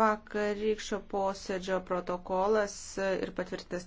Vakarykščio posėdžio protokolas ir patvirtintas